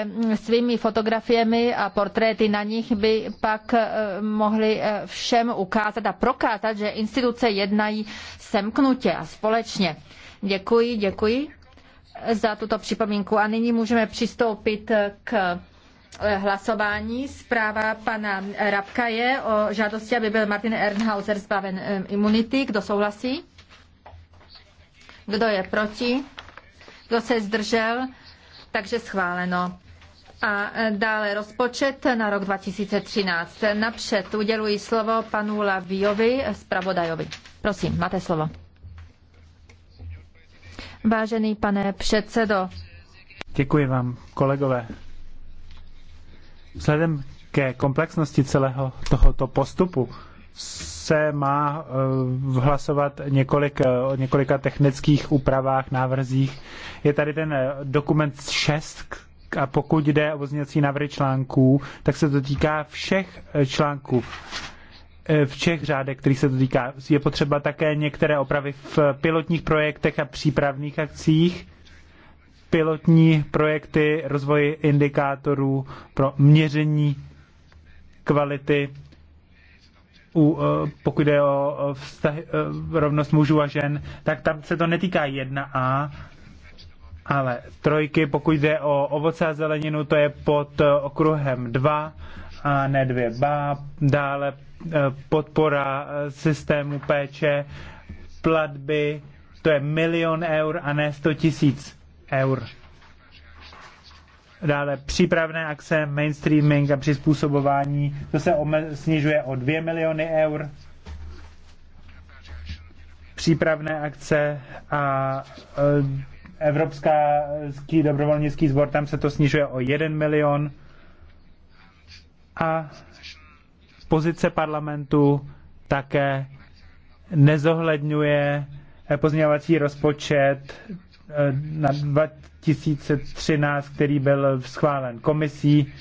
Eh, svými fotografiemi a portréty na nich by pak eh, mohli eh, všem ukázat a prokázat, že instituce jednají semknutě a společně. Děkuji, děkuji za tuto připomínku. A nyní můžeme přistoupit k hlasování. Zpráva pana Rabka je o žádosti, aby byl Martin Ernhauser zbaven imunity. Kdo souhlasí? Kdo je proti? Kdo se zdržel? Takže schváleno. A dále rozpočet na rok 2013. Napřed uděluji slovo panu Laviovi, zpravodajovi. Prosím, máte slovo. Vážený pane předsedo. Děkuji vám, kolegové. Vzhledem ke komplexnosti celého tohoto postupu se má eh, hlasovat několik, eh, o několika technických úpravách, návrzích. Je tady ten eh, dokument 6, a pokud jde o pozměňovací návrhy článků, tak se to týká všech eh, článků eh, v Čech řádek, který se to týká. Je potřeba také některé opravy v pilotních projektech a přípravných akcích, pilotní projekty, rozvoj indikátorů pro měření kvality, u, eh, pokud jde o vztah, rovnost mužů a žen, tak tam se to netýká 1A, ale trojky, pokud jde o ovoce a zeleninu, to je pod okruhem 2 a ne 2b. Dále e, podpora e, systému péče, platby, to je milion eur a ne 100 tisíc eur. Dále přípravné akce, mainstreaming a přizpůsobování, to se snižuje o 2 miliony eur přípravné akce a e, Evropská dobrovolnický sbor, tam se to snižuje o 1 milion a pozice parlamentu také nezohledňuje pozměňovací rozpočet eh, na 2013, který byl schválen komisí,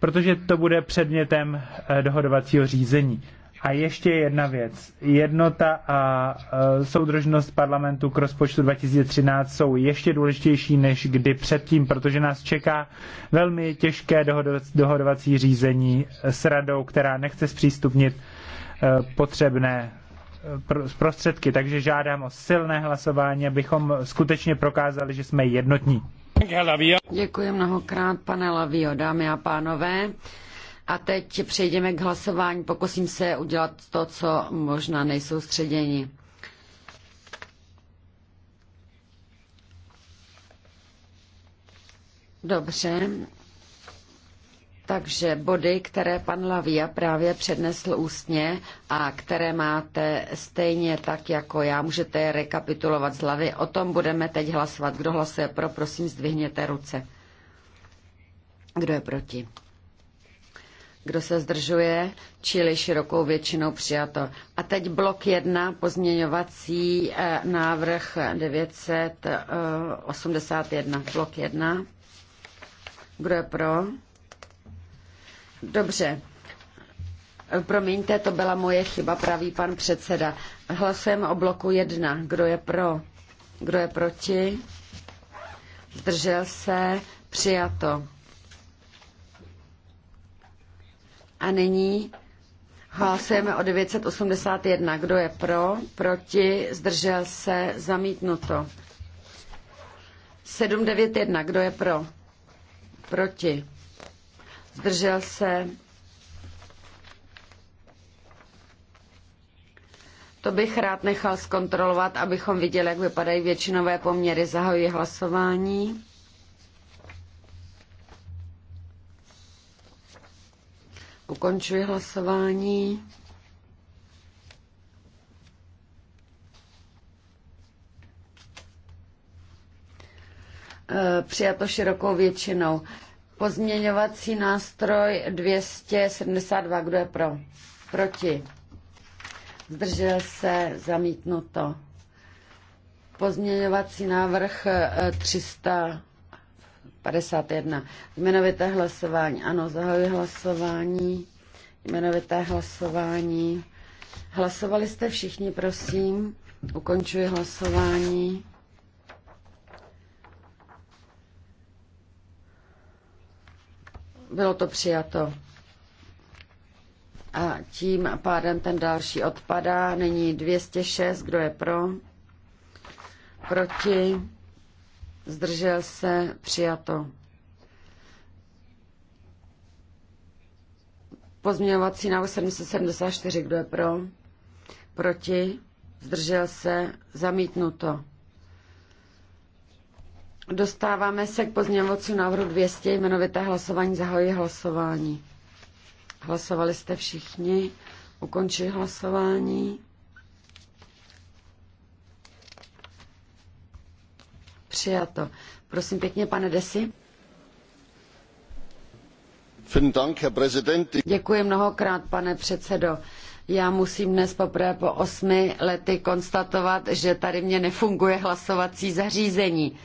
protože to bude předmětem eh, dohodovacího řízení. A ještě jedna věc. Jednota a e, soudržnost parlamentu k rozpočtu 2013 jsou ještě důležitější než kdy předtím, protože nás čeká velmi těžké dohodovací řízení s radou, která nechce zpřístupnit e, potřebné e, prostředky. Takže žádám o silné hlasování, abychom skutečně prokázali, že jsme jednotní. Děkuji mnohokrát, pane Lavio, dámy a pánové. A teď přejdeme k hlasování. Pokusím se udělat to, co možná nejsou středění. Dobře. Takže body, které pan Lavia právě přednesl ústně a které máte stejně tak jako já, můžete je rekapitulovat z hlavy. O tom budeme teď hlasovat. Kdo hlasuje pro, prosím, zdvihněte ruce. Kdo je proti? Kdo se zdržuje? Čili širokou většinou přijato. A teď blok 1, pozměňovací eh, návrh 981. Eh, blok 1. Kdo je pro? Dobře. Eh, promiňte, to byla moje chyba, pravý pan předseda. Hlasujeme o bloku 1. Kdo je pro? Kdo je proti? Zdržel se? Přijato. A nyní hlasujeme o 981. Kdo je pro? Proti? Zdržel se? Zamítnuto. 791. Kdo je pro? Proti? Zdržel se? To bych rád nechal zkontrolovat, abychom viděli, jak vypadají většinové poměry. Zahajuji hlasování. Ukončuji hlasování. Eh, přijato širokou většinou. Pozměňovací nástroj 272. Kdo je pro? Proti. Zdržel se zamítnuto. Pozměňovací návrh 300. Eh, 51. Jmenovité hlasování. Ano, zahajuji hlasování. Jmenovité hlasování. Hlasovali jste všichni, prosím. Ukončuji hlasování. Bylo to přijato. A tím pádem ten další odpadá. Není 206. Kdo je pro? Proti? zdržel se, přijato. Pozměňovací návrh 774, kdo je pro? Proti? Zdržel se? Zamítnuto. Dostáváme se k pozměňovacímu návrhu 200, jmenovité hlasování, zahojí hlasování. Hlasovali jste všichni, ukončí hlasování. přijato. Prosím pěkně, pane Desi. Děkuji mnohokrát, pane předsedo. Já musím dnes poprvé po osmi lety konstatovat, že tady mě nefunguje hlasovací zařízení.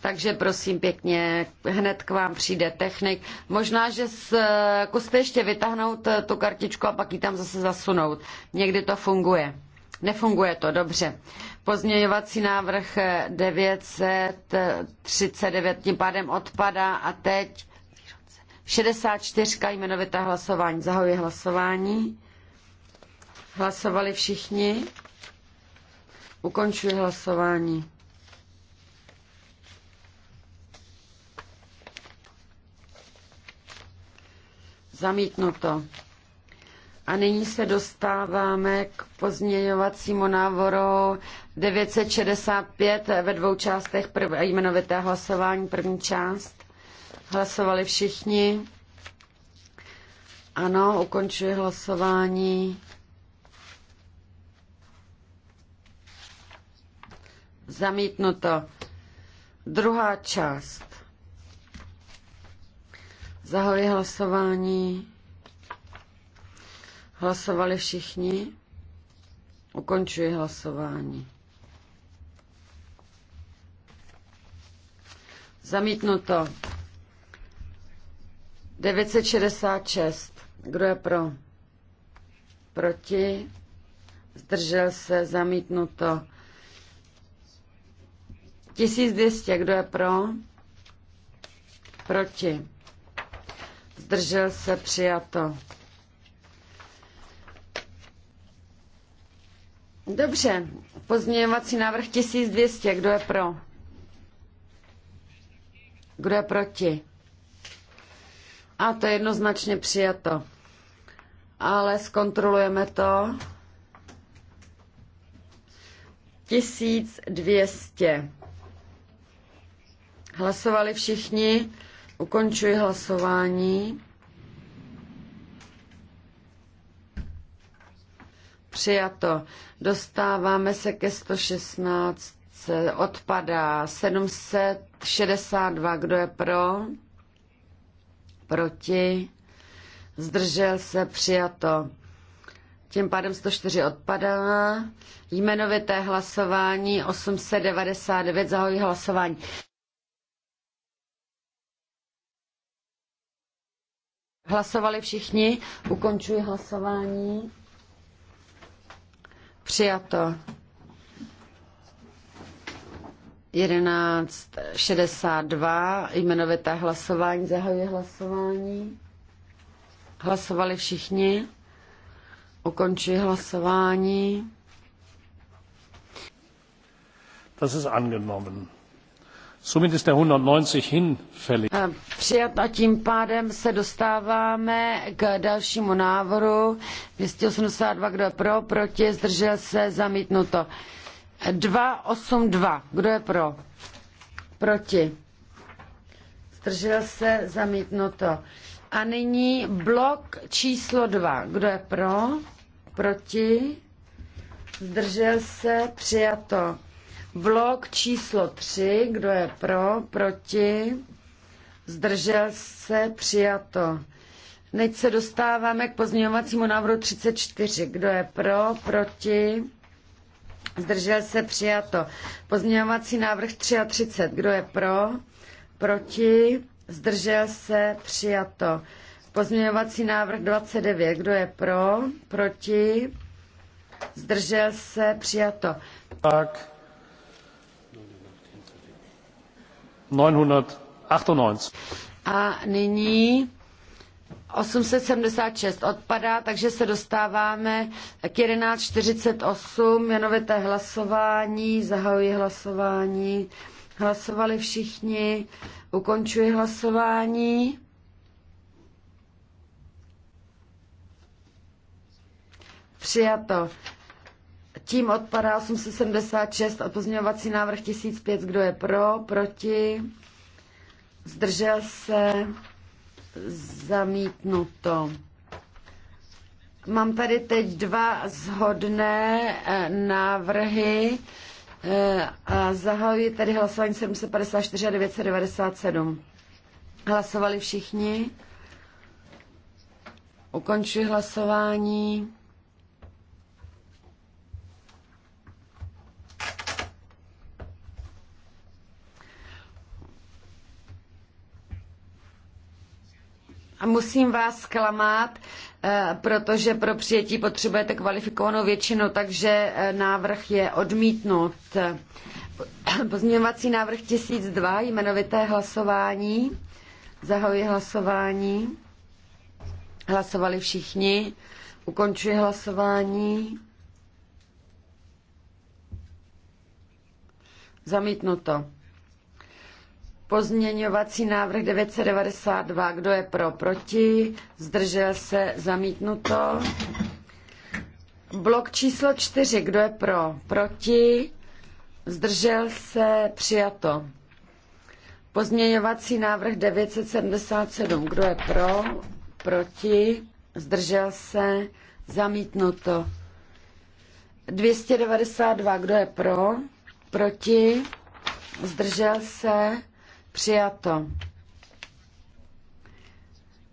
Takže prosím pěkně, hned k vám přijde technik. Možná, že eh, zkuste ještě vytáhnout eh, tu kartičku a pak ji tam zase zasunout. Někdy to funguje. Nefunguje to dobře. Pozměňovací návrh 939 tím pádem odpadá a teď 64 jmenovité hlasování. Zahoji hlasování. Hlasovali všichni. Ukončuji hlasování. Zamítnuto. A nyní se dostáváme k pozměňovacímu návoru 965 ve dvou částech prv, jmenovité hlasování. První část. Hlasovali všichni. Ano, ukončuji hlasování. Zamítnuto. Druhá část. Zahoji hlasování. Hlasovali všichni? Ukončuji hlasování. Zamítnuto. 966. Kdo je pro? Proti? Zdržel se? Zamítnuto. 1200. Kdo je pro? Proti? Zdržel se? Přijato. Dobře, pozměňovací návrh 1200, kdo je pro? Kdo je proti? A to je jednoznačně přijato. Ale zkontrolujeme to. 1200. Hlasovali všichni. Ukončuji hlasování. Přijato. Dostáváme se ke 116. Odpadá 762. Kdo je pro? Proti? Zdržel se. Přijato. Tím pádem 104 odpadá. Jmenovité hlasování 899. Zahojí hlasování. Hlasovali všichni, ukončuji hlasování. Přijato. 11.62. Jmenovité hlasování. Zahajuje hlasování. Hlasovali všichni. Ukončuji hlasování. Das ist angenommen. Eh, přijat a tím pádem se dostáváme k dalšímu návrhu 282, kdo je pro, proti, zdržel se, zamítnuto. 282, kdo je pro, proti, zdržel se, zamítnuto. A nyní blok číslo 2, kdo je pro, proti, zdržel se, přijato. Blok číslo 3, kdo je pro, proti, zdržel se, přijato. Teď se dostáváme k pozměňovacímu návrhu 34. Kdo je pro, proti, zdržel se, přijato. Pozměňovací návrh 33. Kdo je pro, proti, zdržel se, přijato. Pozměňovací návrh 29. Kdo je pro, proti, zdržel se, přijato. Tak. 998. A nyní 876 odpadá, takže se dostáváme k 11.48. Jmenovité hlasování, zahajuji hlasování. Hlasovali všichni, ukončuji hlasování. Přijato. Tím odpadá 876 a pozměňovací návrh 1005. Kdo je pro? Proti? Zdržel se? Zamítnuto. Mám tady teď dva zhodné eh, návrhy eh, a zahajuji tady hlasování 754 a 997. Hlasovali všichni? Ukončuji hlasování. A musím vás zklamat, eh, protože pro přijetí potřebujete kvalifikovanou většinu, takže eh, návrh je odmítnut. Pozměňovací návrh 1002, jmenovité hlasování. Zahajuji hlasování. Hlasovali všichni. Ukončuji hlasování. Zamítnuto. Pozměňovací návrh 992. Kdo je pro? Proti? Zdržel se? Zamítnuto. Blok číslo 4. Kdo je pro? Proti? Zdržel se? Přijato. Pozměňovací návrh 977. Kdo je pro? Proti? Zdržel se? Zamítnuto. 292. Kdo je pro? Proti? Zdržel se? Přijato.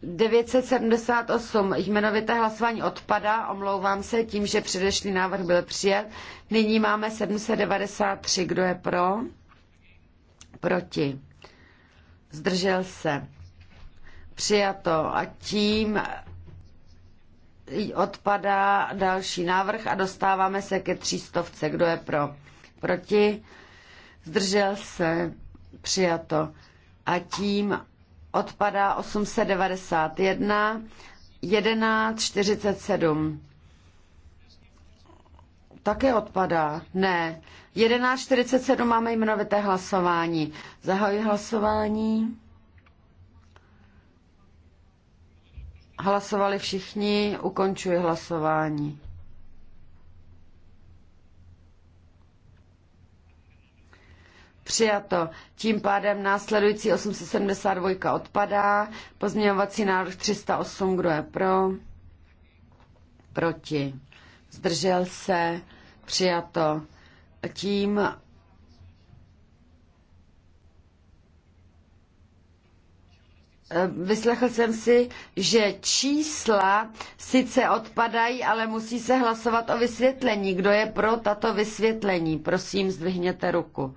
978 jmenovité hlasování odpadá, omlouvám se tím, že předešlý návrh byl přijat. Nyní máme 793. Kdo je pro? Proti. Zdržel se. Přijato. A tím odpadá další návrh a dostáváme se ke třístovce. Kdo je pro? Proti. Zdržel se. Přijato. A tím odpadá 891, 1147. Také odpadá. Ne. 11.47 máme jmenovité hlasování. Zahajuji hlasování. Hlasovali všichni, ukončuji hlasování. Přijato. Tím pádem následující 872 odpadá. Pozměňovací návrh 308, kdo je pro? Proti. Zdržel se. Přijato. Tím eh, Vyslechl jsem si, že čísla sice odpadají, ale musí se hlasovat o vysvětlení. Kdo je pro tato vysvětlení? Prosím, zdvihněte ruku.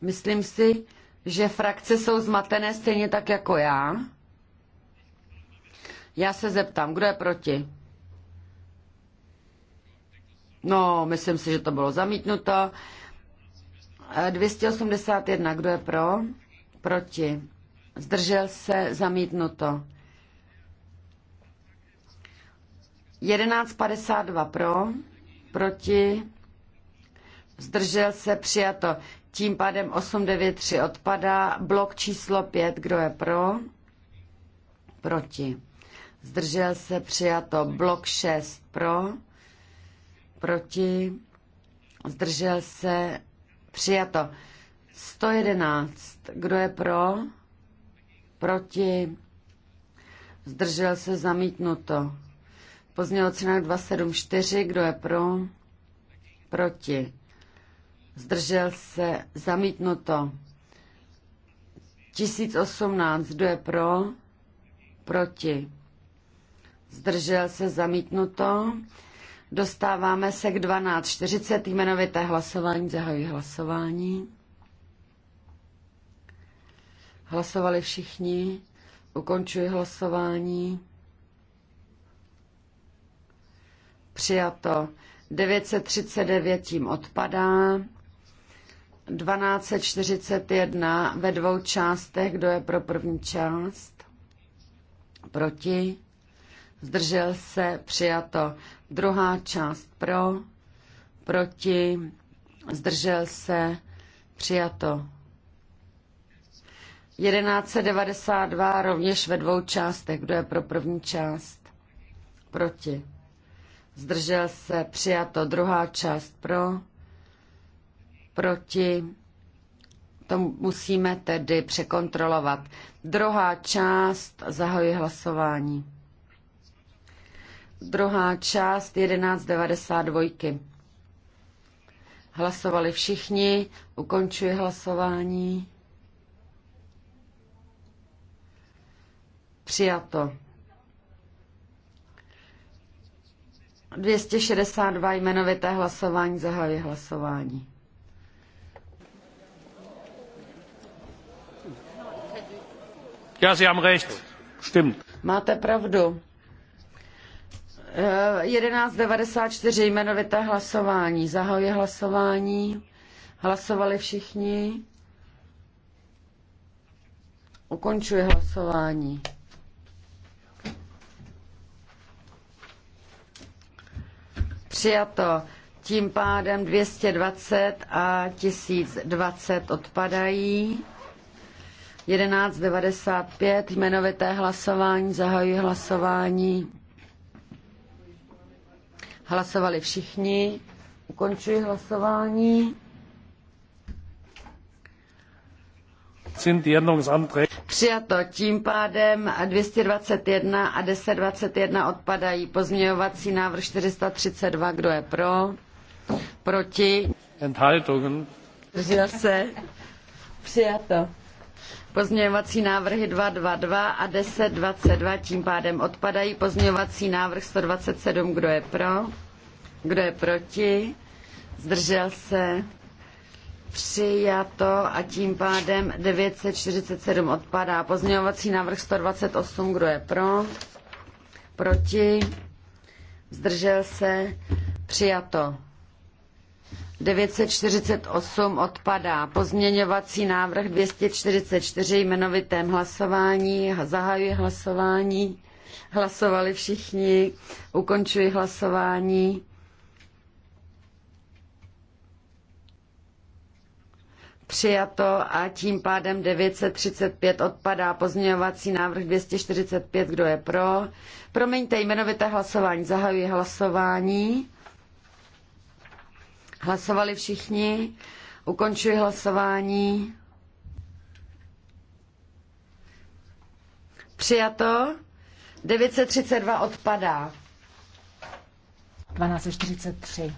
Myslím si, že frakce jsou zmatené stejně tak jako já. Já se zeptám, kdo je proti? No, myslím si, že to bylo zamítnuto. Eh, 281, kdo je pro? Proti. Zdržel se, zamítnuto. 1152 pro, proti, zdržel se, přijato. Tím pádem 893 odpadá. Blok číslo 5, kdo je pro? Proti. Zdržel se přijato. Blok 6 pro. Proti. Zdržel se přijato. 111. Kdo je pro? Proti. Zdržel se zamítnuto. Pozměňovací návrh 274. Kdo je pro? Proti zdržel se, zamítnuto. 1018, kdo je pro, proti, zdržel se, zamítnuto. Dostáváme se k 12.40, jmenovité hlasování, zahajuji hlasování. Hlasovali všichni, ukončuji hlasování. Přijato. 939 tím odpadá. 1241 ve dvou částech. Kdo je pro první část? Proti? Zdržel se? Přijato. Druhá část pro? Proti? Zdržel se? Přijato. 1192 rovněž ve dvou částech. Kdo je pro první část? Proti. Zdržel se? Přijato. Druhá část pro? proti. To musíme tedy překontrolovat. Druhá část, zahajuji hlasování. Druhá část 11.92. Hlasovali všichni, ukončuji hlasování. Přijato. 262 jmenovité hlasování zahajuji hlasování. Máte pravdu. haben recht. Stimmt. Eh, jmenovité hlasování. Zahajuji hlasování. Hlasovali všichni. Ukončuji hlasování. Přijato. Tím pádem 220 a 1020 odpadají. 1195, jmenovité hlasování, zahajuji hlasování. Hlasovali všichni, ukončuji hlasování. Přijato. Tím pádem 221 a 1021 odpadají. Pozměňovací návrh 432. Kdo je pro? Proti? Enthaltungen. Zdržel se? Přijato. Pozměňovací návrhy 222 a 1022 tím pádem odpadají. Pozměňovací návrh 127, kdo je pro? Kdo je proti? Zdržel se? Přijato a tím pádem 947 odpadá. Pozměňovací návrh 128, kdo je pro? Proti? Zdržel se? Přijato. 948 odpadá. Pozměňovací návrh 244 jmenovitém hlasování. Zahajuji hlasování. Hlasovali všichni. Ukončuji hlasování. Přijato a tím pádem 935 odpadá pozměňovací návrh 245. Kdo je pro? Promiňte, jmenovité hlasování. Zahajuji hlasování. Hlasovali všichni. Ukončuji hlasování. Přijato. 932 odpadá. 1243.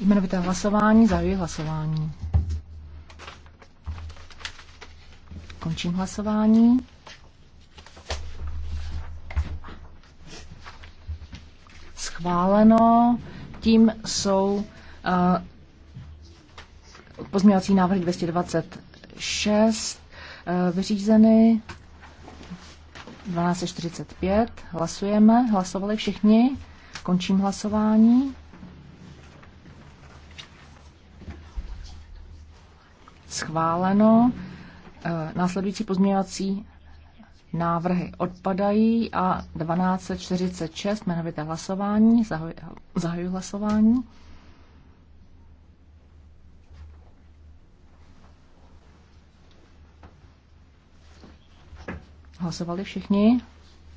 Jmenovité hlasování, zahajuji hlasování. Končím hlasování. Schváleno. Tím jsou eh, pozměňovací návrhy 226 eh, vyřízeny 1245. Hlasujeme. Hlasovali všichni. Končím hlasování. Schváleno. Eh, následující pozměňovací návrhy odpadají a 1246 jmenovité hlasování, zahajuji zahaj hlasování. Hlasovali všichni?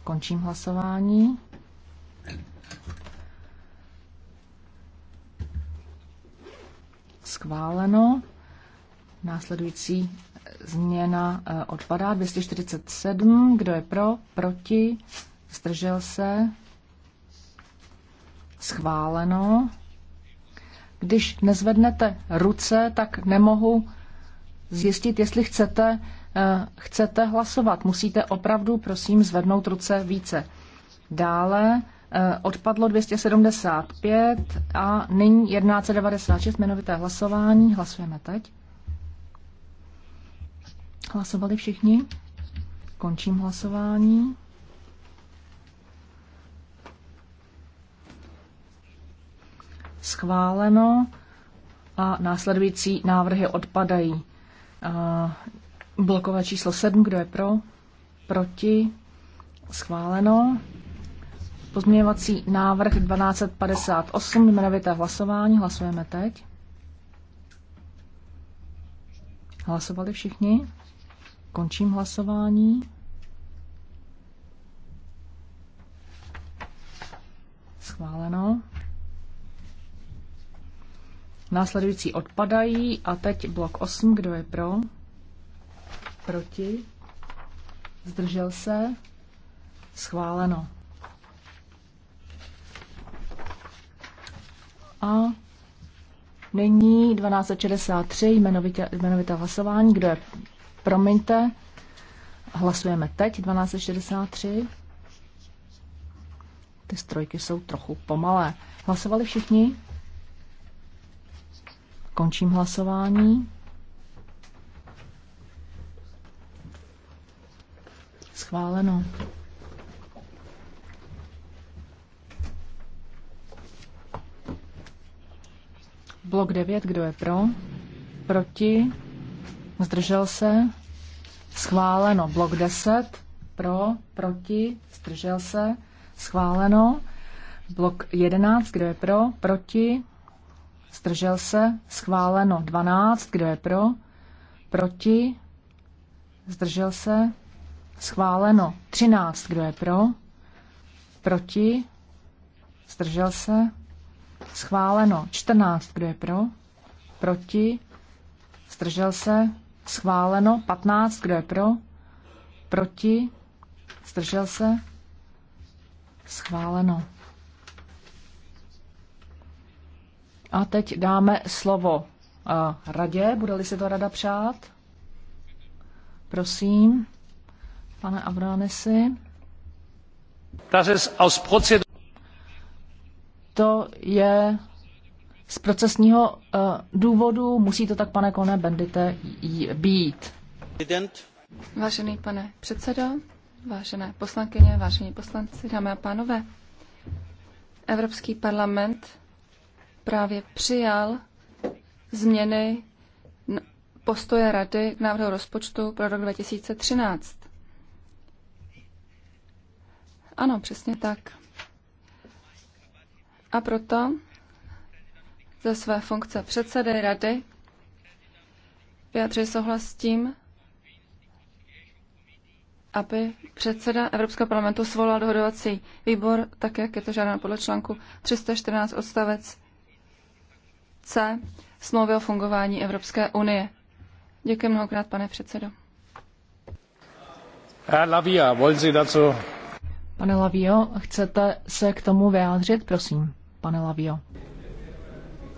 Končím hlasování. Schváleno. Následující změna eh, odpadá. 247, kdo je pro, proti, zdržel se, schváleno. Když nezvednete ruce, tak nemohu zjistit, jestli chcete, eh, chcete hlasovat. Musíte opravdu, prosím, zvednout ruce více. Dále eh, odpadlo 275 a nyní 1196 jmenovité hlasování. Hlasujeme teď. Hlasovali všichni? Končím hlasování. Schváleno a následující návrhy odpadají. Blokové číslo 7, kdo je pro? Proti? Schváleno. Pozměňovací návrh 1258, jmenovité hlasování, hlasujeme teď. Hlasovali všichni? Končím hlasování. Schváleno. Následující odpadají a teď blok 8, kdo je pro? Proti? Zdržel se? Schváleno. A nyní 1263 jmenovitě, jmenovité hlasování, kdo je Promiňte, hlasujeme teď, 1263. Ty strojky jsou trochu pomalé. Hlasovali všichni? Končím hlasování. Schváleno. Blok 9, kdo je pro? Proti? zdržel se, schváleno. Blok 10, pro, proti, zdržel se, schváleno. Blok 11, kdo je pro, proti, zdržel se, schváleno. 12, kdo je pro, proti, zdržel se, schváleno. 13, kdo je pro, proti, zdržel se, schváleno. 14, kdo je pro, proti, zdržel se, Schváleno 15, kdo je pro? Proti? Zdržel se? Schváleno. A teď dáme slovo uh, radě, bude-li si to rada přát. Prosím, pane Avranisi. To je z procesního eh, důvodu musí to tak, pane Kone Bendite, být. Vážený pane předsedo, vážené poslankyně, vážení poslanci, dámy a pánové, Evropský parlament právě přijal změny postoje Rady k návrhu rozpočtu pro rok 2013. Ano, přesně tak. A proto ze své funkce předsedy rady vyjadřuji souhlas s tím, aby předseda Evropského parlamentu svolal dohodovací výbor, tak jak je to žádáno podle článku 314 odstavec C smlouvy o fungování Evropské unie. Děkuji mnohokrát, pane předsedo. Herr Lavia, wollen Sie dazu? Pane Lavio, chcete se k tomu vyjádřit? Prosím, pane Lavio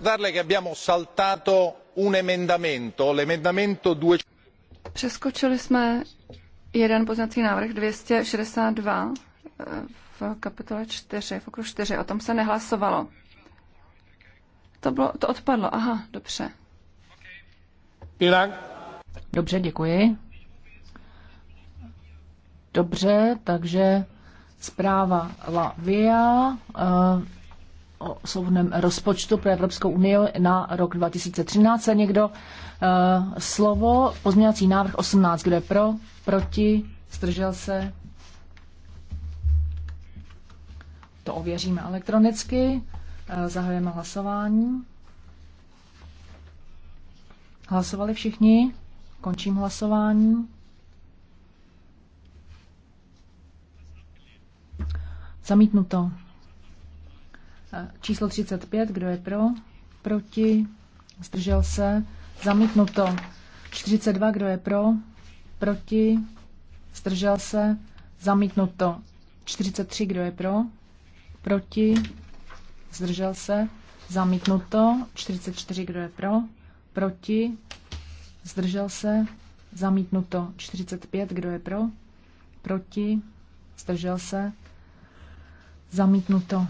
ricordarle che abbiamo saltato un emendamento, l'emendamento 200. Přeskočili jsme jeden poznací návrh 262 eh, v kapitole 4, v okruhu 4. O tom se nehlasovalo. To, bylo, to odpadlo. Aha, dobře. Dobře, děkuji. Dobře, takže zpráva La Via. Uh, o slovném rozpočtu pro Evropskou unii na rok 2013. Se někdo uh, slovo? Pozměňovací návrh 18. Kdo je pro? Proti? Zdržel se? To ověříme elektronicky. Uh, zahajujeme hlasování. Hlasovali všichni? Končím hlasování. Zamítnuto. Číslo 35, kdo je pro? Proti? Zdržel se? Zamítnuto. 42, kdo je pro? Proti? Zdržel se? Zamítnuto. 43, kdo je pro? Proti? Zdržel se? Zamítnuto. 44, kdo je pro? Proti? Zdržel se? Zamítnuto. 45, kdo je pro? Proti? Zdržel se? Zamítnuto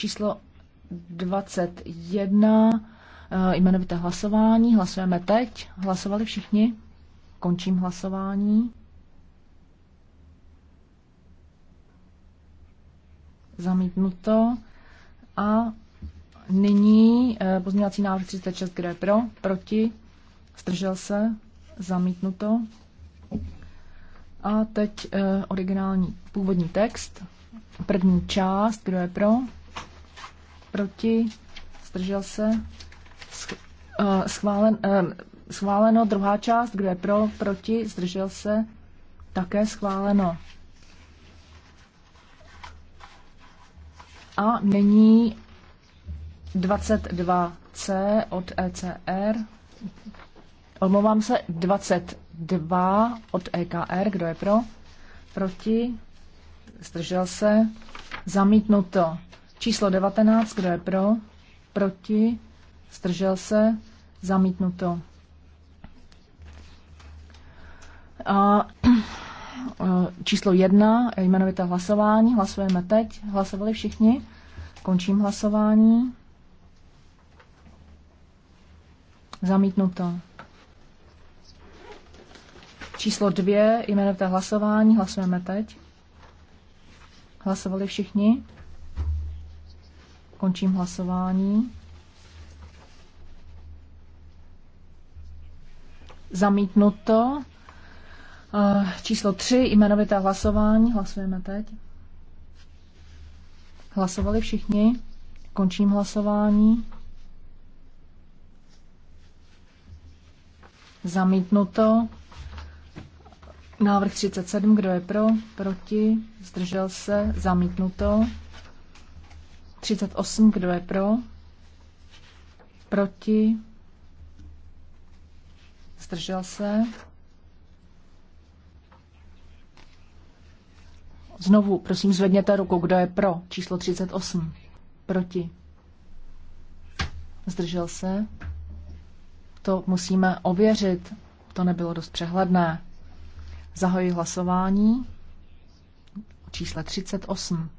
číslo 21 eh, jmenovité hlasování. Hlasujeme teď. Hlasovali všichni? Končím hlasování. Zamítnuto. A nyní eh, pozměňovací návrh 36, kde je pro, proti, zdržel se, zamítnuto. A teď eh, originální původní text. První část, kdo je pro, proti, zdržel se, eh, schválen, eh, schváleno. Druhá část, kdo je pro, proti, zdržel se, také schváleno. A nyní 22C od ECR. Omlouvám se, 22 od EKR. Kdo je pro? Proti? Zdržel se? Zamítnuto. Číslo 19, kdo je pro? Proti? Zdržel se? Zamítnuto. A eh, číslo 1, jmenovité hlasování. Hlasujeme teď. Hlasovali všichni. Končím hlasování. Zamítnuto. Číslo 2, jmenovité hlasování. Hlasujeme teď. Hlasovali všichni. Končím hlasování. Zamítnuto. Eh, číslo 3, jmenovité hlasování. Hlasujeme teď. Hlasovali všichni. Končím hlasování. Zamítnuto. Návrh 37, kdo je pro? Proti? Zdržel se? Zamítnuto. 38, kdo je pro? Proti? Zdržel se? Znovu, prosím, zvedněte ruku, kdo je pro číslo 38. Proti? Zdržel se? To musíme ověřit. To nebylo dost přehledné. Zahoji hlasování Číslo čísle 38.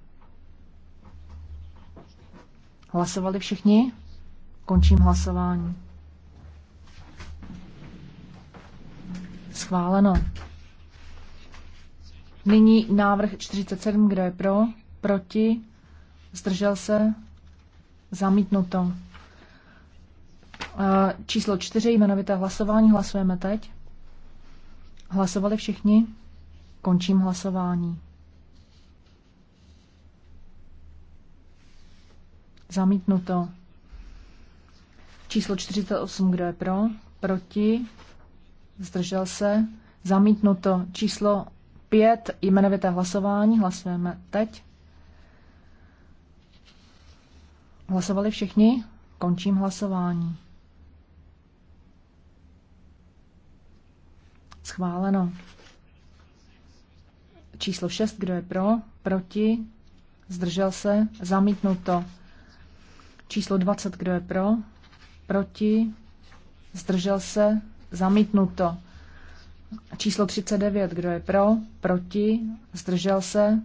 Hlasovali všichni? Končím hlasování. Schváleno. Nyní návrh 47, kdo je pro, proti, zdržel se, zamítnuto. E, číslo 4, jmenovité hlasování, hlasujeme teď. Hlasovali všichni? Končím hlasování. Zamítnuto. Číslo 48, kdo je pro? Proti? Zdržel se? Zamítnuto. Číslo 5, jmenovité hlasování. Hlasujeme teď. Hlasovali všichni? Končím hlasování. Schváleno. Číslo 6, kdo je pro? Proti? Zdržel se? Zamítnuto. Číslo 20, kdo je pro? Proti? Zdržel se? Zamítnuto. Číslo 39, kdo je pro? Proti? Zdržel se?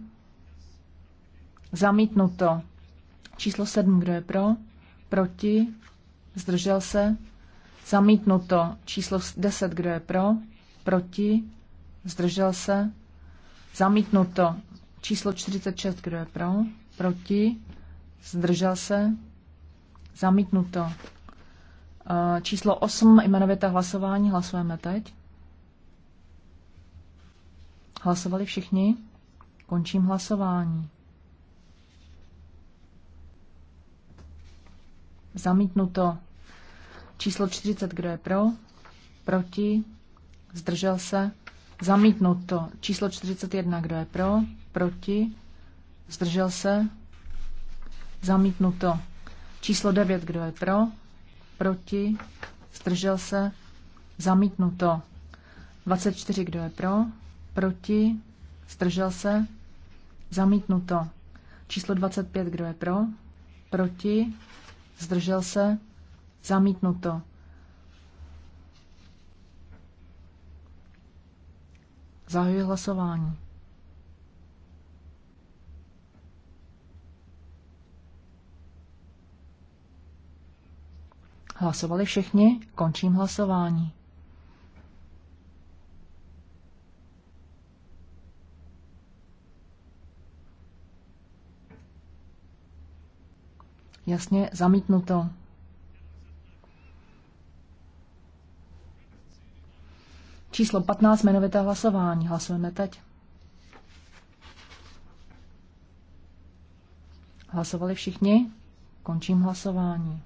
Zamítnuto. Číslo 7, kdo je pro? Proti? Zdržel se? Zamítnuto. Číslo 10, kdo je pro? Proti? Zdržel se? Zamítnuto. Číslo 46, kdo je pro? Proti? Zdržel se? Zamítnuto. Eh, číslo 8, jmenovité hlasování, hlasujeme teď. Hlasovali všichni? Končím hlasování. Zamítnuto. Číslo 40, kdo je pro? Proti? Zdržel se? Zamítnuto. Číslo 41, kdo je pro? Proti? Zdržel se? Zamítnuto. Číslo 9, kdo je pro? Proti? Zdržel se? Zamítnuto. 24, kdo je pro? Proti? Zdržel se? Zamítnuto. Číslo 25, kdo je pro? Proti? Zdržel se? Zamítnuto. Zahajuji hlasování. Hlasovali všichni? Končím hlasování. Jasně, zamítnuto. Číslo 15, jmenovité hlasování. Hlasujeme teď. Hlasovali všichni? Končím hlasování.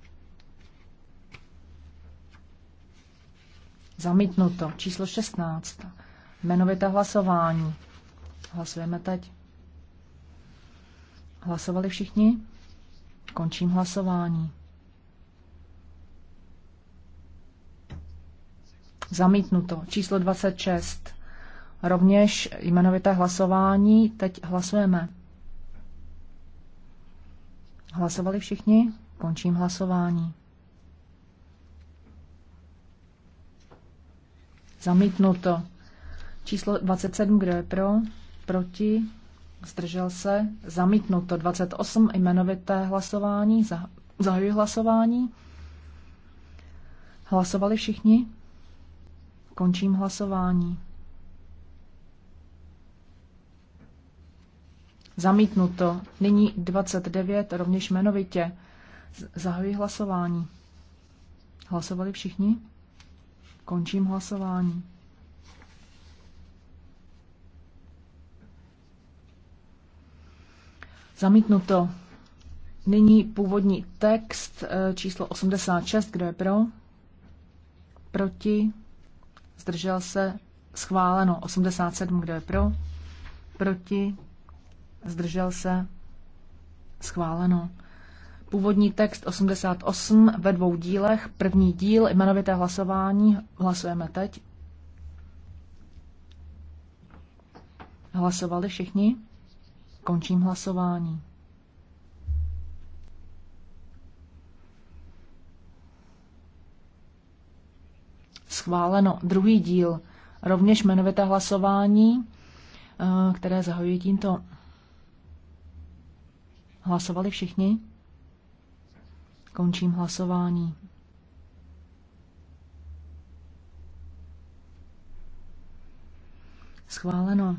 Zamítnuto. Číslo 16. Jmenovité hlasování. Hlasujeme teď. Hlasovali všichni? Končím hlasování. Zamítnuto. Číslo 26. Rovněž jmenovité hlasování. Teď hlasujeme. Hlasovali všichni? Končím hlasování. Zamítnuto. Číslo 27, kdo je pro? Proti? Zdržel se? Zamítnuto. 28, jmenovité hlasování. Zahajuji hlasování. Hlasovali všichni? Končím hlasování. Zamítnuto. Nyní 29, rovněž jmenovitě. Zahajuji hlasování. Hlasovali všichni? Končím hlasování. Zamítnuto. Nyní původní text eh, číslo 86. Kdo je pro? Proti? Zdržel se? Schváleno. 87. Kdo je pro? Proti? Zdržel se? Schváleno. Původní text 88 ve dvou dílech. První díl, jmenovité hlasování, hlasujeme teď. Hlasovali všichni? Končím hlasování. Schváleno. Druhý díl. Rovněž jmenovité hlasování, eh, které zahojí tímto. Hlasovali všichni? Končím hlasování. Schváleno.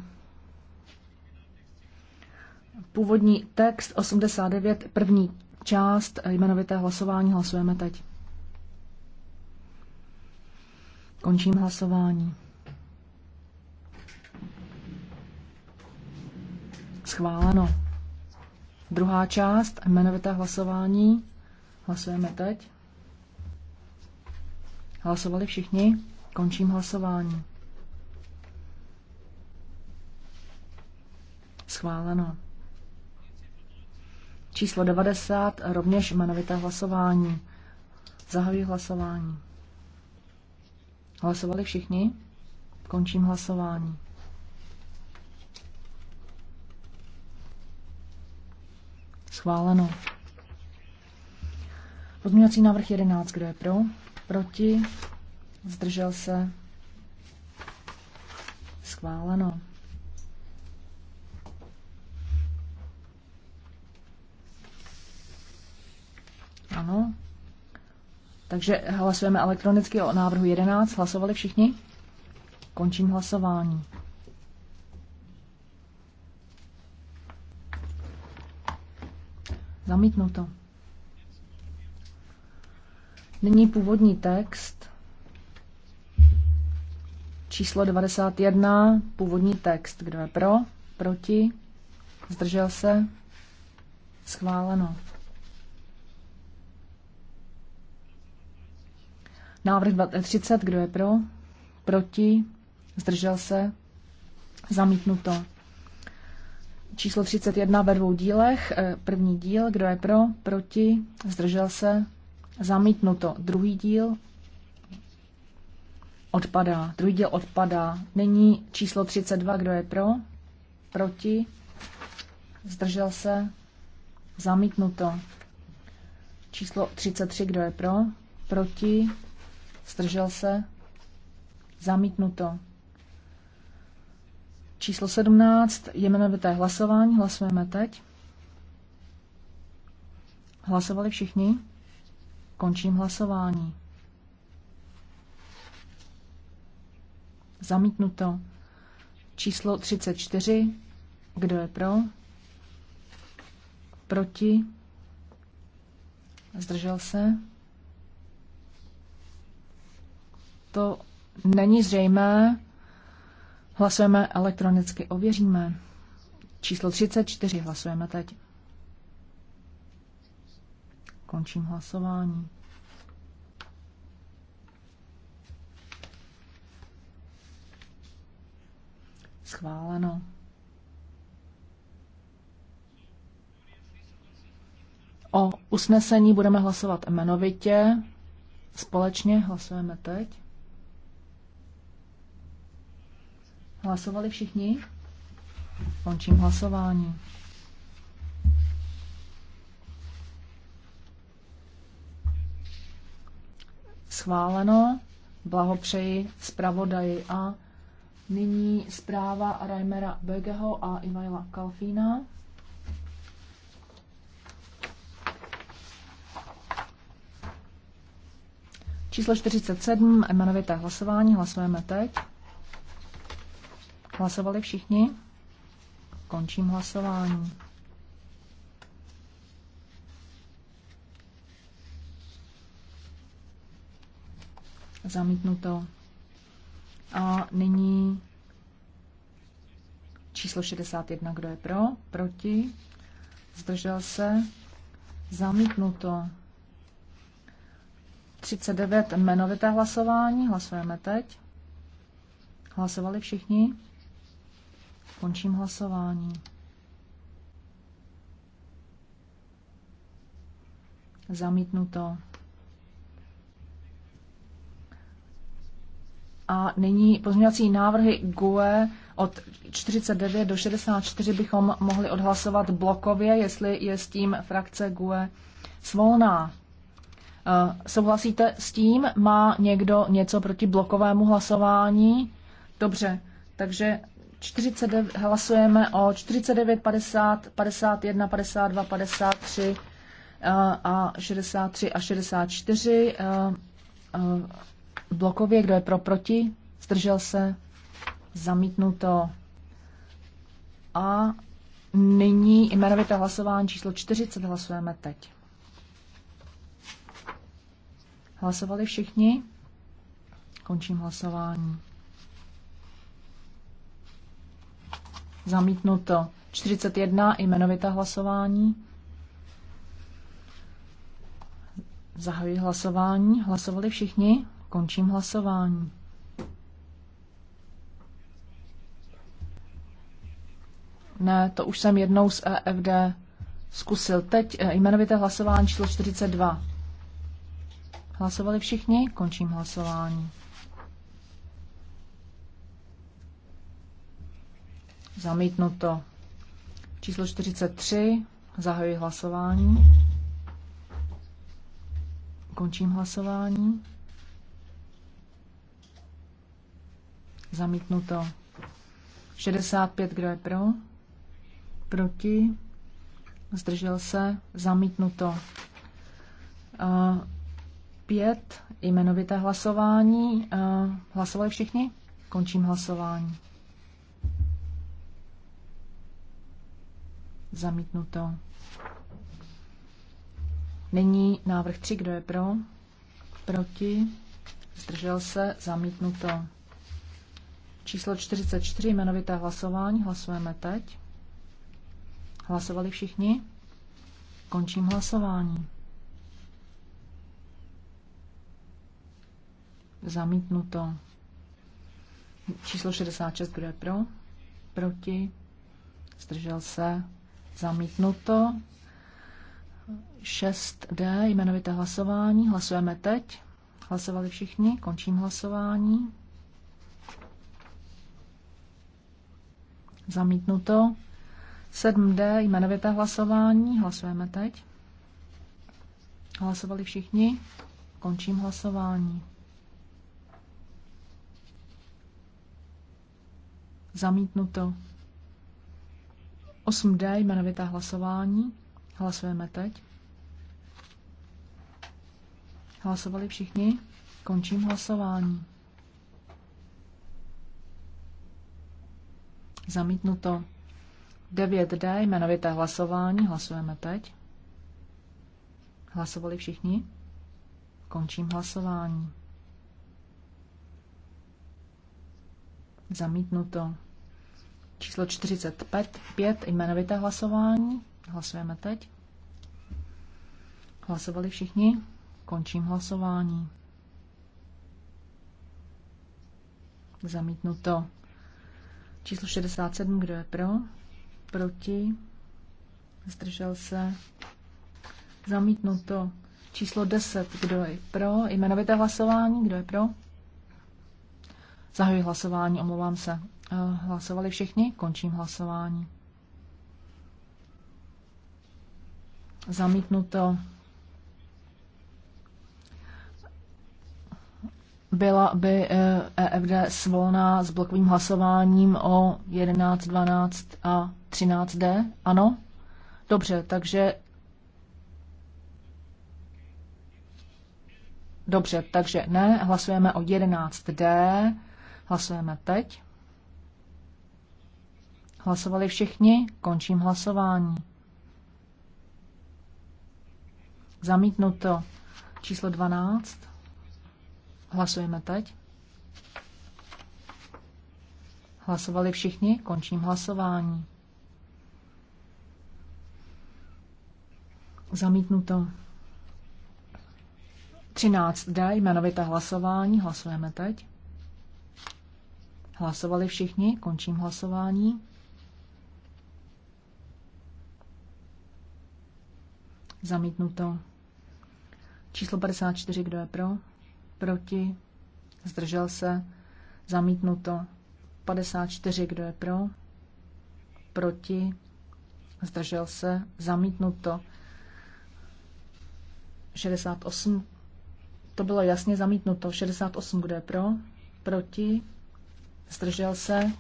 Původní text 89, první část jmenovité hlasování. Hlasujeme teď. Končím hlasování. Schváleno. Druhá část jmenovité hlasování. Hlasujeme teď. Hlasovali všichni? Končím hlasování. Schváleno. Číslo 90, rovněž jmenovité hlasování. Zahajuji hlasování. Hlasovali všichni? Končím hlasování. Schváleno. Pozměňovací návrh 11, kdo je pro? Proti? Zdržel se? Schváleno. Ano. Takže hlasujeme elektronicky o návrhu 11. Hlasovali všichni? Končím hlasování. Zamítnuto. to. Nyní původní text číslo 91, původní text. Kdo je pro? Proti? Zdržel se? Schváleno. Návrh 30, kdo je pro? Proti? Zdržel se? Zamítnuto. Číslo 31 ve dvou dílech. Eh, první díl, kdo je pro? Proti? Zdržel se? Zamítnuto. Druhý díl odpadá. Druhý díl odpadá. Není číslo 32, kdo je pro? Proti? Zdržel se? Zamítnuto. Číslo 33, kdo je pro? Proti? Zdržel se? Zamítnuto. Číslo 17, jmenovité hlasování, hlasujeme teď. Hlasovali všichni? Končím hlasování. Zamítnuto. Číslo 34. Kdo je pro? Proti? Zdržel se? To není zřejmé. Hlasujeme elektronicky, ověříme. Číslo 34 hlasujeme teď. Končím hlasování. Schváleno. O usnesení budeme hlasovat jmenovitě. Společně hlasujeme teď. Hlasovali všichni? Končím hlasování. Schváleno. Blahopřeji zpravodaji a nyní zpráva Reimera Begeho a Ivaila Kalfína. Číslo 47, jmenovité hlasování, hlasujeme teď. Hlasovali všichni? Končím hlasování. Zamítnuto. A nyní číslo 61. Kdo je pro? Proti? Zdržel se? Zamítnuto. 39. Jmenovité hlasování. Hlasujeme teď. Hlasovali všichni? Končím hlasování. Zamítnuto. A nyní pozměňovací návrhy GUE od 49 do 64 bychom mohli odhlasovat blokově, jestli je s tím frakce GUE svolná. Eh, souhlasíte s tím? Má někdo něco proti blokovému hlasování? Dobře, takže 49, hlasujeme o 49, 50, 51, 52, 53 a 63 a 64 blokově, kdo je pro, proti, zdržel se, zamítnuto. A nyní jmenovité hlasování číslo 40 hlasujeme teď. Hlasovali všichni? Končím hlasování. Zamítnuto 41 jmenovité hlasování. Zahajuji hlasování. Hlasovali všichni? Končím hlasování. Ne, to už jsem jednou z EFD zkusil. Teď eh, jmenovité hlasování číslo 42. Hlasovali všichni? Končím hlasování. Zamítnuto. Číslo 43. Zahajuji hlasování. Končím hlasování. Zamítnuto. 65, kdo je pro? Proti? Zdržel se? Zamítnuto. Uh, pět jmenovité hlasování. Uh, hlasovali všichni? Končím hlasování. Zamítnuto. Nyní návrh 3, kdo je pro? Proti? Zdržel se? Zamítnuto. Číslo 44, jmenovité hlasování. Hlasujeme teď. Hlasovali všichni? Končím hlasování. Zamítnuto. Číslo 66, kdo je pro? Proti? Zdržel se? Zamítnuto. 6D, jmenovité hlasování. Hlasujeme teď. Hlasovali všichni. Končím hlasování. Zamítnuto. 7D jmenovité hlasování. Hlasujeme teď. Hlasovali všichni. Končím hlasování. Zamítnuto. 8D jmenovité hlasování. Hlasujeme teď. Hlasovali všichni. Končím hlasování. Zamítnuto 9D, jmenovité hlasování. Hlasujeme teď. Hlasovali všichni? Končím hlasování. Zamítnuto. Číslo 45, 5, jmenovité hlasování. Hlasujeme teď. Hlasovali všichni? Končím hlasování. Zamítnuto. Číslo 67, kdo je pro? Proti? Zdržel se? Zamítnuto. Číslo 10, kdo je pro? Jmenovité hlasování, kdo je pro? Zahajuji hlasování, omlouvám se. Eh, hlasovali všichni? Končím hlasování. Zamítnuto byla by EFD eh, e svolná s blokovým hlasováním o 11, 12 a 13D? Ano? Dobře, takže Dobře, takže ne, hlasujeme o 11D, hlasujeme teď. Hlasovali všichni, končím hlasování. Zamítnuto číslo 12. Hlasujeme teď. Hlasovali všichni? Končím hlasování. Zamítnuto. 13D jmenovité hlasování. Hlasujeme teď. Hlasovali všichni? Končím hlasování. Zamítnuto. Číslo 54, kdo je pro? proti, zdržel se, zamítnuto. 54, kdo je pro, proti, zdržel se, zamítnuto. 68, to bylo jasně zamítnuto. 68, kdo je pro, proti, zdržel se,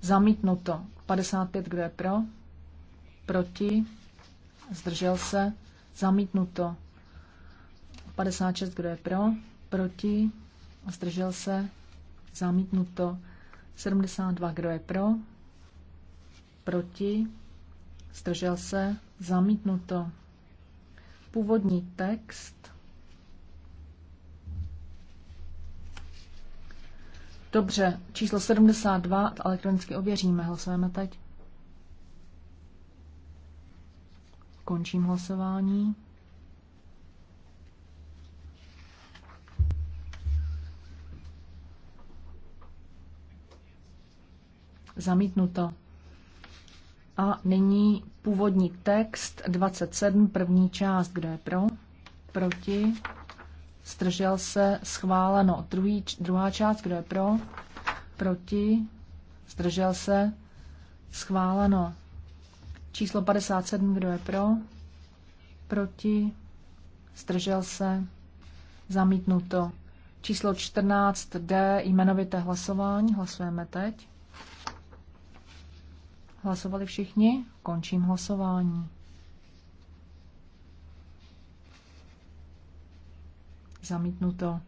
zamítnuto. 55, kdo je pro, proti, zdržel se, zamítnuto. 56, kdo je pro, proti, zdržel se, zamítnuto. 72, kdo je pro, proti, zdržel se, zamítnuto. Původní text. Dobře, číslo 72 elektronicky ověříme, hlasujeme teď. Končím hlasování. zamítnuto. A nyní původní text 27, první část, kdo je pro, proti, stržel se, schváleno. Druhý, druhá část, kdo je pro, proti, stržel se, schváleno. Číslo 57, kdo je pro, proti, stržel se, zamítnuto. Číslo 14D, jmenovité hlasování, hlasujeme teď. Hlasovali všichni? Končím hlasování. Zamítnuto.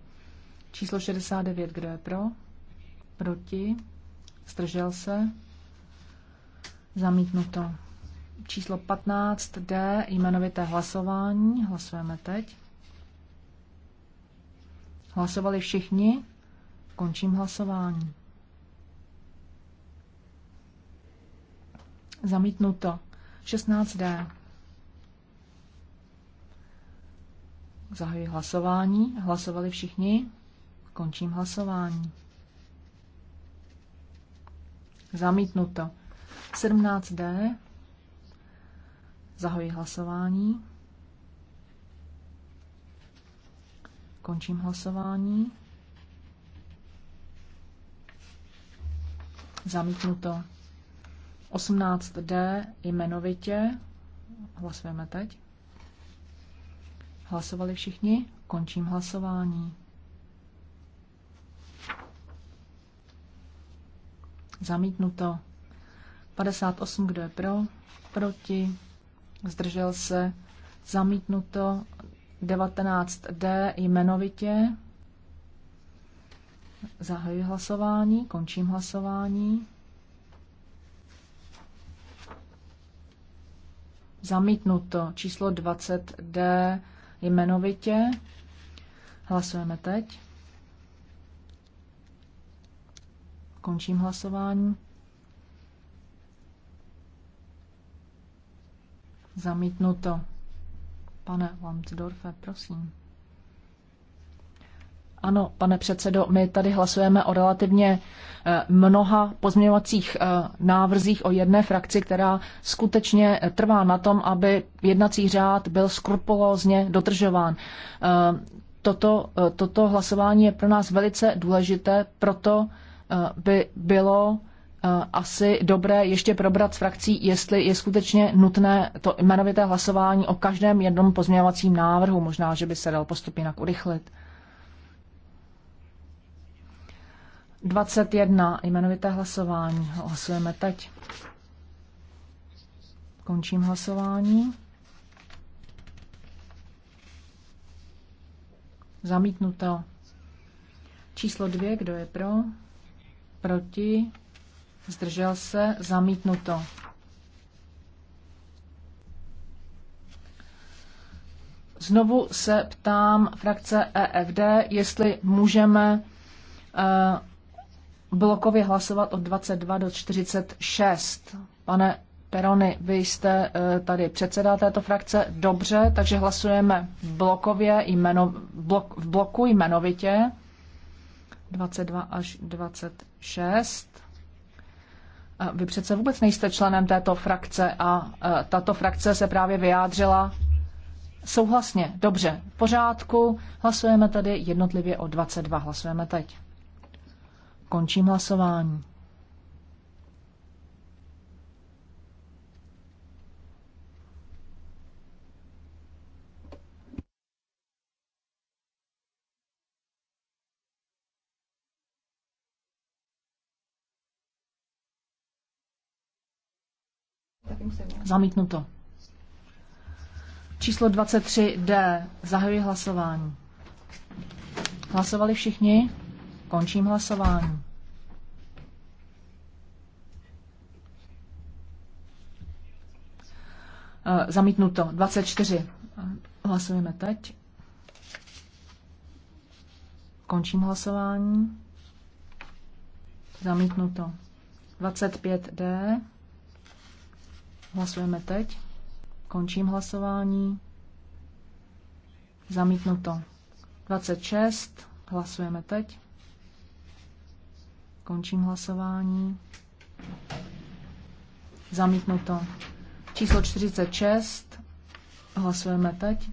Číslo 69, kdo je pro? Proti? Zdržel se? Zamítnuto. Číslo 15D, jmenovité hlasování. Hlasujeme teď. Hlasovali všichni? Končím hlasování. Zamítnuto. 16D. Zahajuji hlasování. Hlasovali všichni. Končím hlasování. Zamítnuto. 17D. Zahoji hlasování. Končím hlasování. Zamítnuto. 18D jmenovitě. Hlasujeme teď. Hlasovali všichni? Končím hlasování. Zamítnuto. 58, kdo je pro? Proti? Zdržel se? Zamítnuto. 19D jmenovitě. Zahajuji hlasování, končím hlasování. Zamítnuto číslo 20D jmenovitě. Hlasujeme teď. Končím hlasování. Zamítnuto. Pane Lambsdorfe, prosím. Ano, pane předsedo, my tady hlasujeme o relativně e, mnoha pozměňovacích e, návrzích o jedné frakci, která skutečně trvá na tom, aby jednací řád byl skrupulózně dodržován. E, toto, toto hlasování je pro nás velice důležité, proto by bylo asi dobré ještě probrat s frakcí, jestli je skutečně nutné to jmenovité hlasování o každém jednom pozměňovacím návrhu. Možná, že by se dal postup jinak urychlit. 21. Jmenovité hlasování. Hlasujeme teď. Končím hlasování. Zamítnuto. Číslo 2. Kdo je pro? Proti? Zdržel se? Zamítnuto. Znovu se ptám frakce EFD, jestli můžeme uh, blokově hlasovat od 22 do 46. Pane Perony, vy jste eh, tady předseda této frakce, dobře, takže hlasujeme blokově, jmeno, blok, v bloku jmenovitě 22 až 26. Eh, vy přece vůbec nejste členem této frakce a eh, tato frakce se právě vyjádřila souhlasně. Dobře, v pořádku. Hlasujeme tady jednotlivě o 22. Hlasujeme teď. Končím hlasování. Zamítnuto. Číslo 23D. Zahajuji hlasování. Hlasovali všichni? Končím hlasování. Eh, zamítnuto. 24. Hlasujeme teď. Končím hlasování. Zamítnuto. 25D. Hlasujeme teď. Končím hlasování. Zamítnuto. 26. Hlasujeme teď. Končím hlasování. Zamítnuto. Číslo 46. Hlasujeme teď.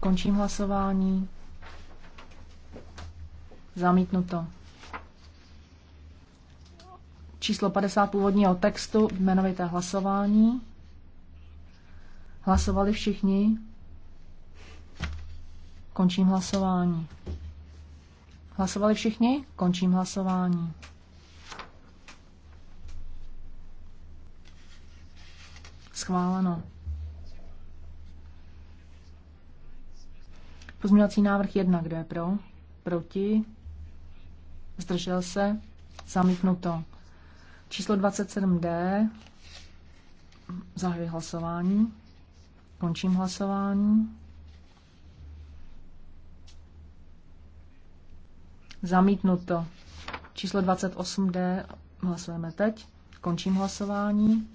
Končím hlasování. Zamítnuto. Číslo 50 původního textu, jmenovité hlasování. Hlasovali všichni. Končím hlasování. Hlasovali všichni? Končím hlasování. Schváleno. Pozměňovací návrh 1, kdo je pro? Proti? Zdržel se? Zamítnuto. Číslo 27D. Zahajuji hlasování. Končím hlasování. Zamítnuto. Číslo 28D hlasujeme teď. Končím hlasování.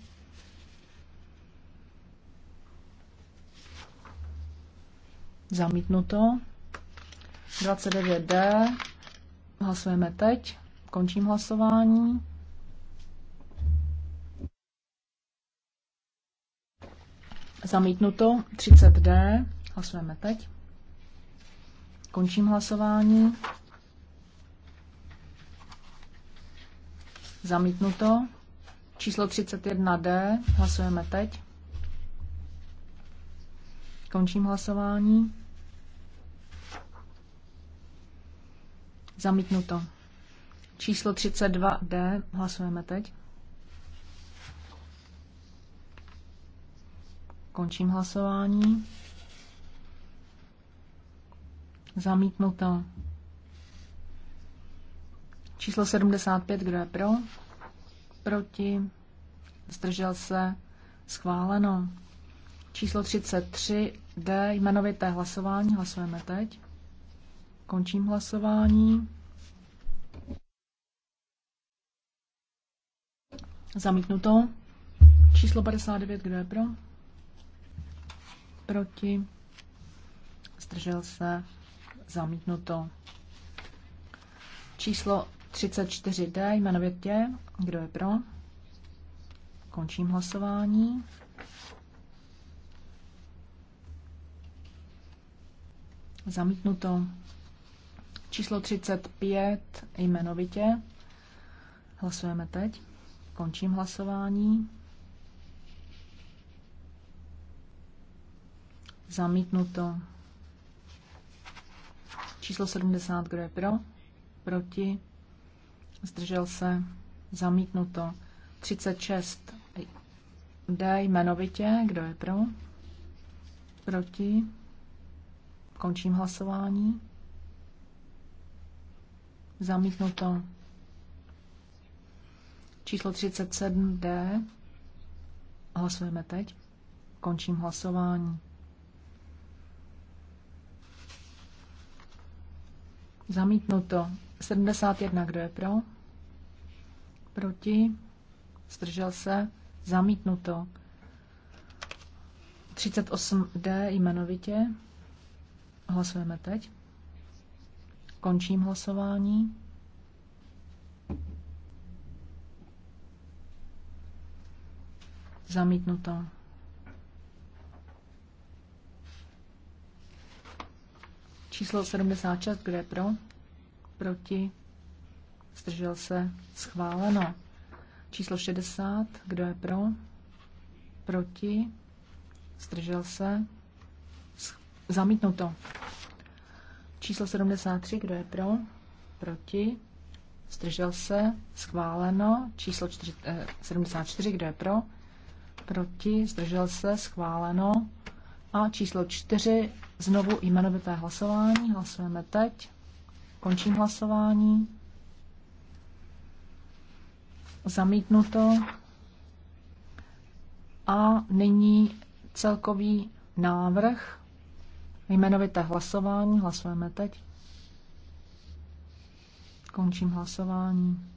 Zamítnuto. 29D. Hlasujeme teď. Končím hlasování. Zamítnuto. 30D. Hlasujeme teď. Končím hlasování. Zamítnuto. Číslo 31D. Hlasujeme teď. Končím hlasování. Zamítnuto. Číslo 32D. Hlasujeme teď. Končím hlasování. Zamítnuto. Číslo 75, kdo je pro? Proti? Zdržel se? Schváleno. Číslo 33D, jmenovité hlasování, hlasujeme teď. Končím hlasování. Zamítnuto. Číslo 59, kdo je pro? Proti. Zdržel se. Zamítnuto. Číslo 34D, jmenovitě, kdo je pro? Končím hlasování. Zamítnuto. Číslo 35 jmenovitě. Hlasujeme teď. Končím hlasování. Zamítnuto. Číslo 70, kdo je pro? Proti? Zdržel se? Zamítnuto. 36 D jmenovitě, kdo je pro? Proti? Končím hlasování. Zamítnuto. Číslo 37D. Hlasujeme teď. Končím hlasování. Zamítnuto. 71, kdo je pro? Proti? Zdržel se? Zamítnuto. 38D jmenovitě. Hlasujeme teď. Končím hlasování. Zamítnuto. Číslo 76, kde je pro? Proti? Zdržel se? Schváleno. Číslo 60, kdo je pro? Proti? Zdržel se? Zamítnuto. Číslo 73, kdo je pro? Proti? Zdržel se? Schváleno. Číslo 4, eh, 74, kdo je pro? Proti? Zdržel se? Schváleno. A číslo 4, znovu jmenovité hlasování. Hlasujeme teď. Končím hlasování. Zamítnuto. A nyní celkový návrh Jmenovité hlasování. Hlasujeme teď. Končím hlasování.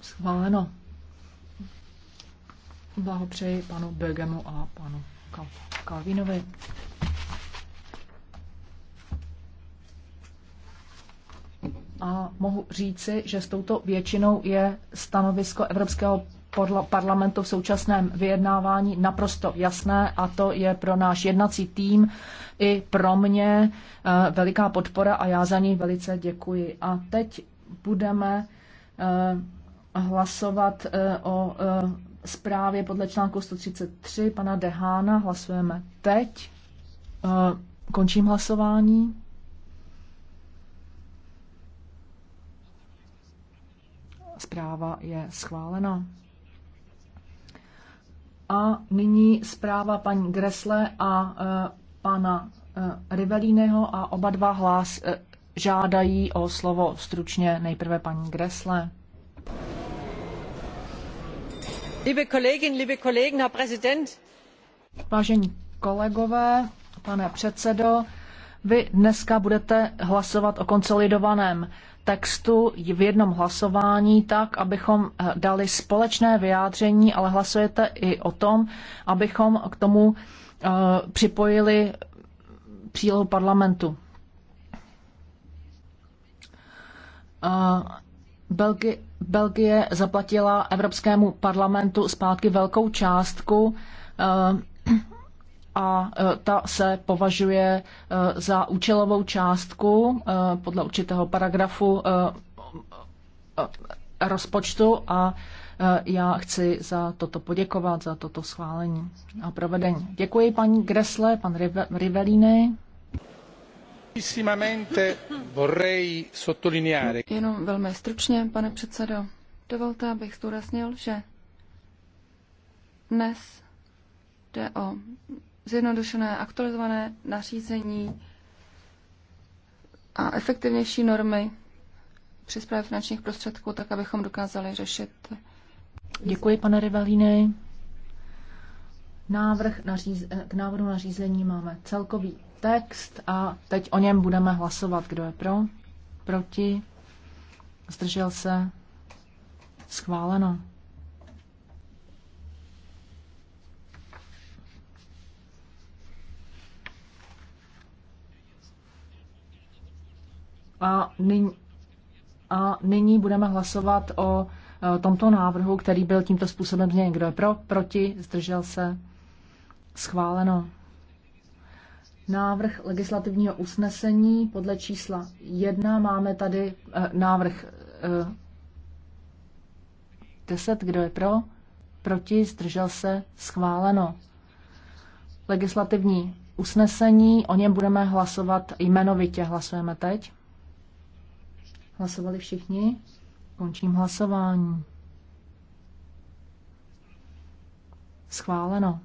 Schváleno. Blahopřeji panu Begemu a panu Kalvinovi. A mohu říci, že s touto většinou je stanovisko Evropského podle parlamentu v současném vyjednávání naprosto jasné a to je pro náš jednací tým i pro mě eh, veliká podpora a já za ní velice děkuji. A teď budeme eh, hlasovat eh, o zprávě podle článku 133 pana Dehána. Hlasujeme teď. Končím hlasování. Zpráva je schválena. A nyní zpráva paní Gresle a e, pana e, Riveliného a oba dva hlas e, žádají o slovo stručně nejprve paní Gresle. Liebe Kollegin, liebe Kollegen, Herr Präsident. Vážení kolegové, pane předsedo, vy dneska budete hlasovat o konsolidovaném textu v jednom hlasování tak, abychom eh, dali společné vyjádření, ale hlasujete i o tom, abychom k tomu eh, připojili přílohu parlamentu. Eh, Belgi- Belgie zaplatila Evropskému parlamentu zpátky velkou částku a e, ta se považuje e, za účelovou částku e, podle určitého paragrafu rozpočtu a já chci za toto poděkovat, za toto schválení a provedení. Děkuji paní Gresle, pan Rivelini. Jenom velmi stručně, pane předsedo, dovolte, abych zdůraznil, že dnes jde o zjednodušené, aktualizované nařízení a efektivnější normy při zprávě finančních prostředků, tak abychom dokázali řešit. Děkuji, pane Rivalíny. Návrh na říz... k návrhu na řízení máme celkový text a teď o něm budeme hlasovat. Kdo je pro? Proti? Zdržel se? Schváleno. A nyní, a nyní budeme hlasovat o e, tomto návrhu, který byl tímto způsobem změněn. Kdo je pro, proti, zdržel se, schváleno. Návrh legislativního usnesení podle čísla 1 máme tady e, návrh 10. E, Kdo je pro? Proti? Zdržel se? Schváleno. Legislativní usnesení, o něm budeme hlasovat jmenovitě. Hlasujeme teď. Hlasovali všichni? Končím hlasování. Schváleno.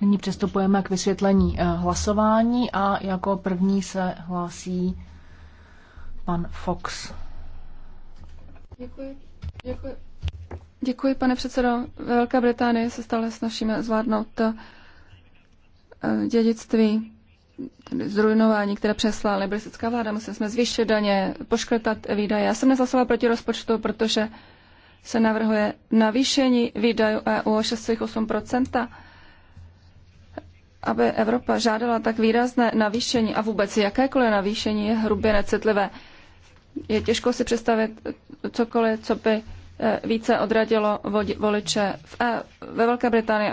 Nyní přistupujeme k vysvětlení eh, hlasování a jako první se hlásí pan Fox. Děkuji. Děkuji. Děkuji, pane předsedo. Velká Británie. se stále snažíme zvládnout eh, dědictví, tedy zrujnování, které přeslala liberistická vláda. Museli jsme zvýšit daně, poškrtat výdaje. Já jsem nezasala proti rozpočtu, protože se navrhuje navýšení výdajů EU o 6,8 aby Evropa žádala tak výrazné navýšení a vůbec jakékoliv navýšení je hrubě necitlivé. Je těžko si představit cokoliv, co by eh, více odradilo voliče v e, ve Velké Británii